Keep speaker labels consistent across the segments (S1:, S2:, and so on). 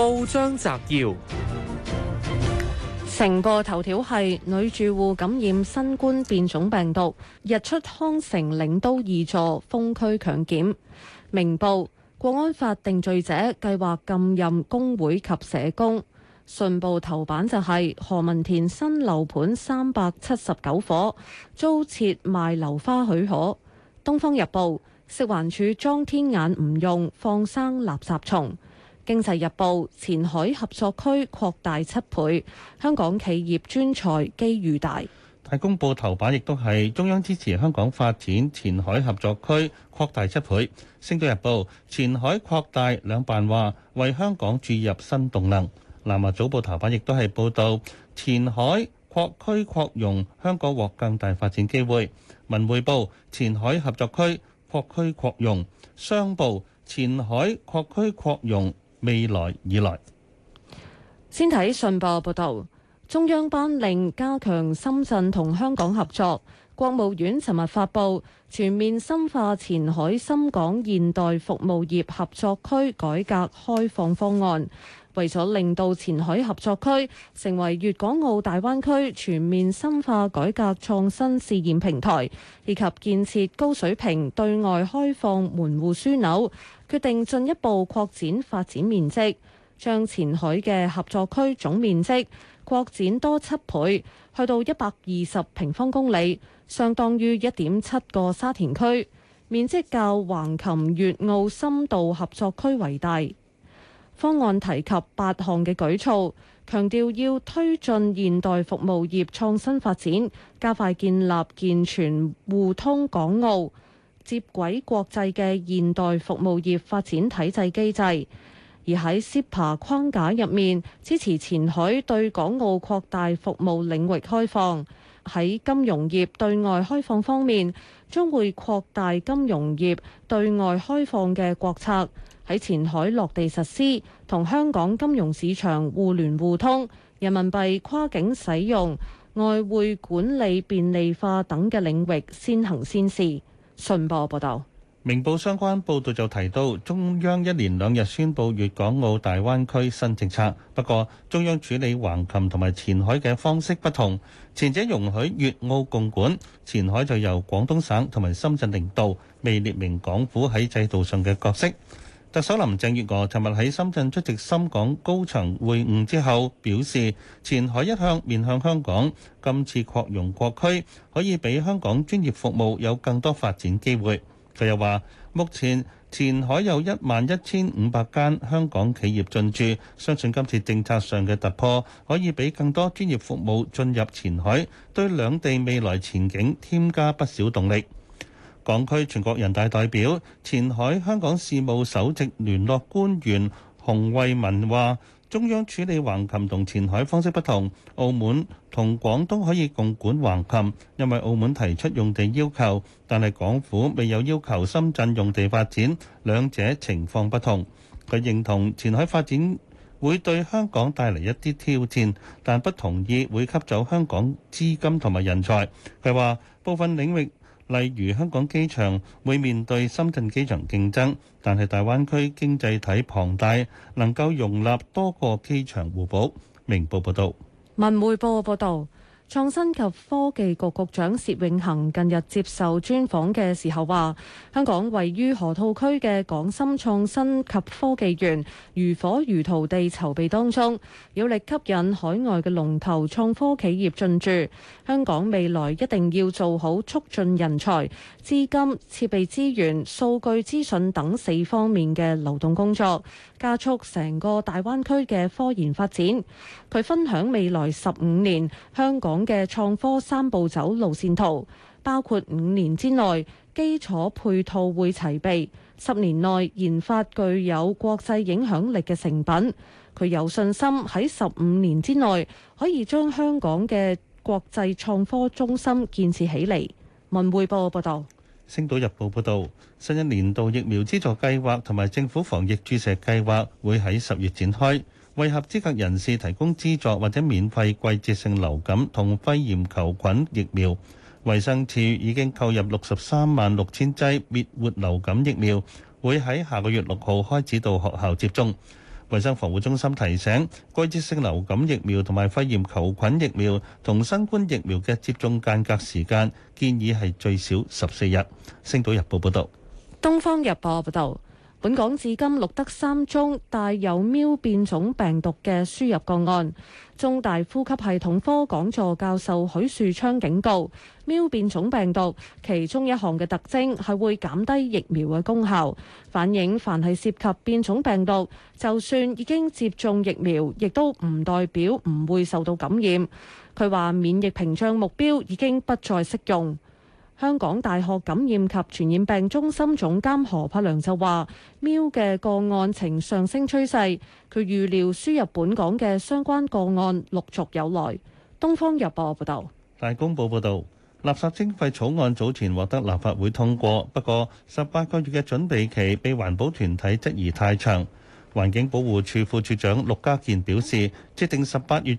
S1: 報章摘要：
S2: 成報頭條係女住戶感染新冠變種病毒；日出康城領都二座封區強檢；明報國安法定罪者計劃禁任工會及社工；信報頭版就係何文田新樓盤三百七十九伙租設賣樓花許可；東方日報食環署裝天眼唔用放生垃圾蟲。經濟日報：前海合作區擴大七倍，香港企業專才機遇大。
S1: 大公報頭版亦都係中央支持香港發展前海合作區擴大七倍。星島日報：前海擴大兩辦話為香港注入新動能。南華早報頭版亦都係報道前海擴區擴容，香港獲更大發展機會。文匯報：前海合作區擴區擴容。商報：前海擴區擴容。未來以來，
S2: 先睇信報報道，中央頒令加強深圳同香港合作。國務院尋日發布全面深化前海深港現代服務業合作區改革開放方案。為咗令到前海合作區成為粵港澳大灣區全面深化改革創新試驗平台，以及建設高水平對外開放門戶樞紐，決定進一步擴展發展面積，將前海嘅合作區總面積擴展多七倍，去到一百二十平方公里，相當於一點七個沙田區，面積較橫琴粵澳深度合作區為大。方案提及八項嘅舉措，強調要推進現代服務業創新發展，加快建立健全互通港澳、接軌國際嘅現代服務業發展體制機制。而喺 SIPA 框架入面，支持前海對港澳擴大服務領域開放。喺金融業對外開放方面，將會擴大金融業對外開放嘅國策。喺前海落地實施，同香港金融市場互聯互通、人民幣跨境使用、外匯管理便利化等嘅領域先行先試。信報報道，
S1: 明報相關報道就提到，中央一連兩日宣布粵港澳大灣區新政策。不過，中央處理橫琴同埋前海嘅方式不同，前者容許粵澳共管，前海就由廣東省同埋深圳領導，未列明港府喺制度上嘅角色。特首林鄭月娥尋日喺深圳出席深港高層會晤之後表示，前海一向面向香港，今次擴容國區可以俾香港專業服務有更多發展機會，佢又話目前前海有一萬一千五百間香港企業進駐，相信今次政策上嘅突破可以俾更多專業服務進入前海，對兩地未來前景添加不少動力。港區全國人大代表、前海香港事務首席聯絡官員洪為民話：中央處理橫琴同前海方式不同，澳門同廣東可以共管橫琴，因為澳門提出用地要求，但係港府未有要求深圳用地發展，兩者情況不同。佢認同前海發展會對香港帶嚟一啲挑戰，但不同意會吸走香港資金同埋人才。佢話部分領域。例如香港機場會面對深圳機場競爭，但係大灣區經濟體龐大，能夠容納多個機場互補，明報報道，
S2: 文匯報報道。創新及科技局局長薛永恆近日接受專訪嘅時候話：香港位於河套區嘅港深創新及科技園如火如荼地籌備當中，有力吸引海外嘅龍頭創科企業進駐。香港未來一定要做好促進人才、資金、設備資源、數據資訊等四方面嘅流動工作，加速成個大灣區嘅科研發展。佢分享未來十五年香港嘅創科三步走路線圖，包括五年之內基礎配套會齊備，十年內研發具有國際影響力嘅成品。佢有信心喺十五年之內可以將香港嘅國際創科中心建設起嚟。文匯報報道：
S1: 《星島日報》報道，新一年度疫苗資助計劃同埋政府防疫注射計劃會喺十月展開。為合資格人士提供資助或者免費季節性流感同肺炎球菌疫苗，衛生署已經購入六十三萬六千劑滅活流感疫苗，會喺下個月六號開始到學校接種。衛生防護中心提醒，季節性流感疫苗同埋肺炎球菌疫苗同新冠疫苗嘅接種間隔時間建議係最少十四日。星島日報報道。
S2: 東方日報報道。本港至今錄得三宗帶有喵變種病毒嘅輸入個案。中大呼吸系統科講座教授許樹昌警告，喵變種病毒其中一項嘅特徵係會減低疫苗嘅功效，反映凡係涉及變種病毒，就算已經接種疫苗，亦都唔代表唔會受到感染。佢話免疫屏障目標已經不再適用。香港大學感染及傳染病中心總監何柏良就話，喵嘅個案呈上升趨勢，佢預料輸入本港嘅相關個案陸續有來。東方日報報道，
S1: 大公報報道，垃圾徵費草案早前獲得立法會通過，不過十八個月嘅準備期被環保團體質疑太長。環境保護署副署長陸家健表示，設定十八月。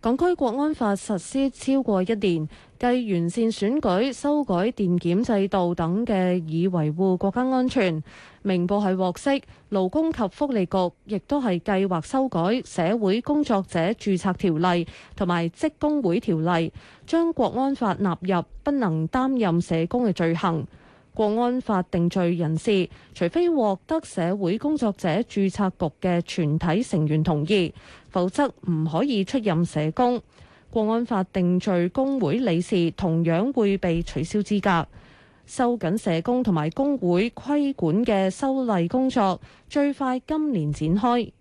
S2: 港區國安法實施超過一年，繼完善選舉、修改電檢制度等嘅，以維護國家安全。明報係獲悉，勞工及福利局亦都係計劃修改社會工作者註冊條例同埋職工會條例，將國安法納入不能擔任社工嘅罪行。《國安法》定罪人士，除非獲得社會工作者註冊局嘅全體成員同意，否則唔可以出任社工。《國安法》定罪工會理事同樣會被取消資格。收緊社工同埋工會規管嘅修例工作，最快今年展開。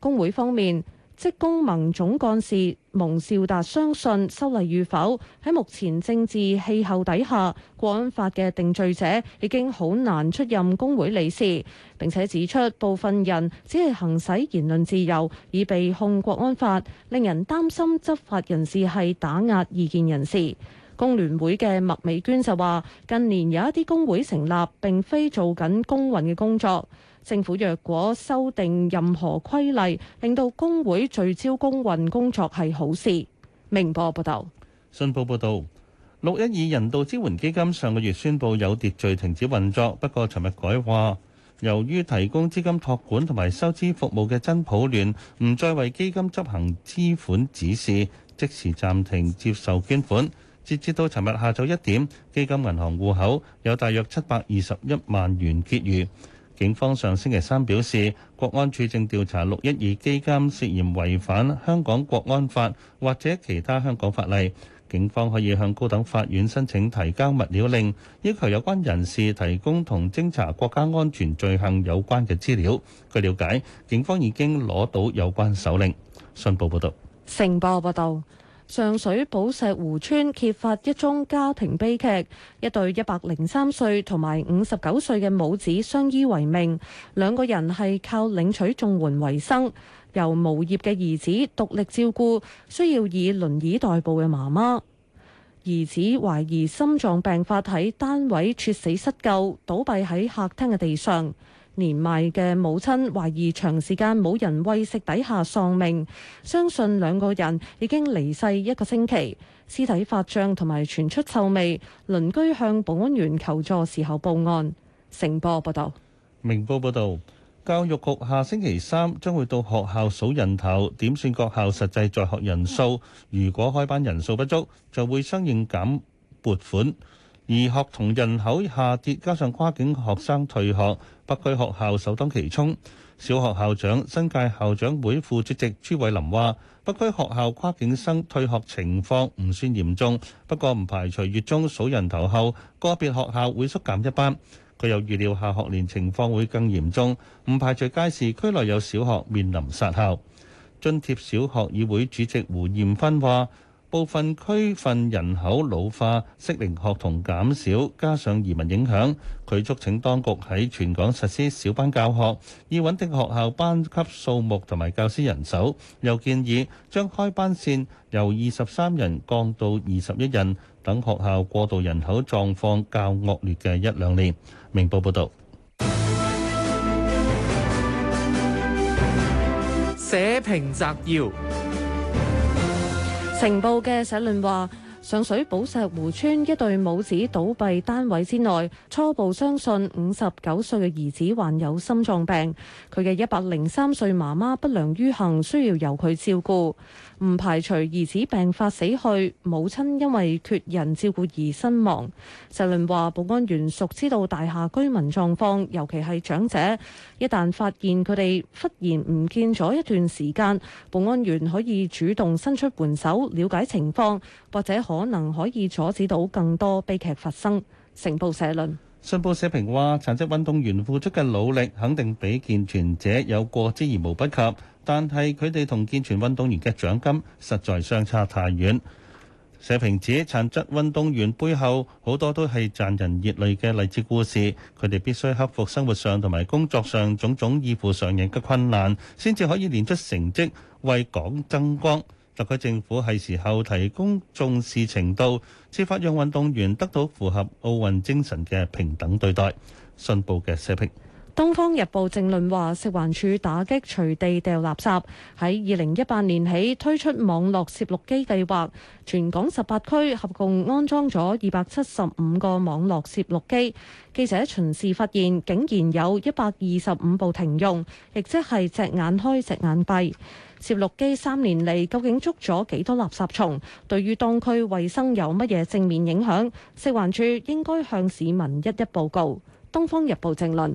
S2: 工會方面。職工盟總幹事蒙兆達相信修例與否，喺目前政治氣候底下，國安法嘅定罪者已經好難出任工會理事。並且指出部分人只係行使言論自由以被控國安法，令人擔心執法人士係打壓異見人士。工聯會嘅麥美娟就話：近年有一啲工會成立並非做緊工運嘅工作。政府若果修訂任何規例，令到工會聚焦工運工作係好事。明報報道，
S1: 信報報道，六一二人道支援基金上個月宣布有秩序停止運作，不過尋日改話，由於提供資金託管同埋收支服務嘅真普聯唔再為基金執行支款指示，即時暫停接受捐款，截至到尋日下晝一點，基金銀行戶口有大約七百二十一萬元結餘。警方上星期三表示，國安處正調查六一二基金涉嫌違反香港國安法或者其他香港法例，警方可以向高等法院申請提交物料令，要求有關人士提供同偵查國家安全罪行有關嘅資料。據了解，警方已經攞到有關手令。信報報道，
S2: 成報報道。上水寶石湖村揭發一宗家庭悲劇，一對一百零三歲同埋五十九歲嘅母子相依為命，兩個人係靠領取綜援為生，由無業嘅兒子獨力照顧，需要以輪椅代步嘅媽媽。兒子懷疑心臟病發喺單位猝死，失救倒斃喺客廳嘅地上。年邁嘅母親懷疑長時間冇人餵食底下喪命，相信兩個人已經離世一個星期，屍體發脹同埋傳出臭味，鄰居向保安員求助時候報案。成報報道，
S1: 明報報道，教育局下星期三將會到學校數人頭，點算各校實際在學人數，如果開班人數不足，就會相應減撥款。而學童人口下跌，加上跨境學生退學，北區學校首當其衝。小學校長、新界校長會副主席朱偉林話：北區學校跨境生退學情況唔算嚴重，不過唔排除月中數人頭後，個別學校會縮減一班。佢又預料下學年情況會更嚴重，唔排除屆時區內有小學面臨殺校。津貼小學議會主席胡艷芬話。部分區份人口老化、適齡學童減少，加上移民影響，佢促請當局喺全港實施小班教學，以穩定學校班級數目同埋教師人手。又建議將開班線由二十三人降到二十一人，等學校過渡人口狀況較惡劣嘅一兩年。
S2: 明報報導。社評摘要。成報嘅社論話。上水寶石湖村一對母子倒斃單位之內，初步相信五十九歲嘅兒子患有心臟病，佢嘅一百零三歲媽媽不良於行，需要由佢照顧。唔排除兒子病發死去，母親因為缺人照顧而身亡。社論話：保安員熟知道大廈居民狀況，尤其係長者，一旦發現佢哋忽然唔見咗一段時間，保安員可以主動伸出援手，了解情況，或者可可能可以阻止到更多悲劇發生。成報社論，
S1: 信報社評話殘疾運動員付出嘅努力肯定比健全者有過之而無不及，但係佢哋同健全運動員嘅獎金實在相差太遠。社評指殘疾運動員背後好多都係賺人熱淚嘅勵志故事，佢哋必須克服生活上同埋工作上種種異乎常人嘅困難，先至可以練出成績，為港爭光。特區政府係時候提供重視程度，設法讓運動員得到符合奧運精神嘅平等對待。信報嘅社評。
S2: 東方日報政論話，食環署打擊隨地掉垃圾，喺二零一八年起推出網絡攝錄機計劃，全港十八區合共安裝咗二百七十五個網絡攝錄機。記者巡視發現，竟然有一百二十五部停用，亦即係隻眼開隻眼閉。攝錄機三年嚟究竟捉咗幾多垃圾蟲？對於當區衛生有乜嘢正面影響？食環署應該向市民一一報告。東方日報政論。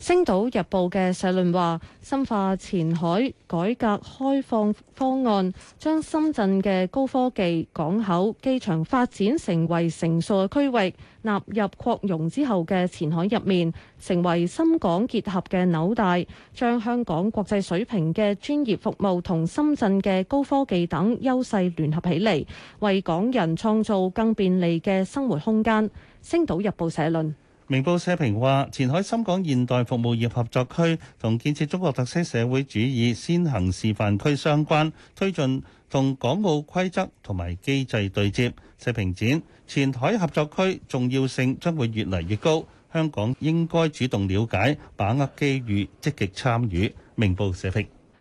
S2: 《星島日報》嘅社論話：深化前海改革開放方案，將深圳嘅高科技、港口、機場發展成為成熟嘅區域，納入擴容之後嘅前海入面，成為深港結合嘅紐帶，將香港國際水平嘅專業服務同深圳嘅高科技等優勢聯合起嚟，為港人創造更便利嘅生活空間。《星島日報》社論。
S1: 明報社評話，前海深港現代服務業合作區同建設中國特色社會主義先行示範區相關，推進同港澳規則同埋機制對接。社評指前海合作區重要性將會越嚟越高，香港應該主動了解、把握機遇、積極參與。明報社評。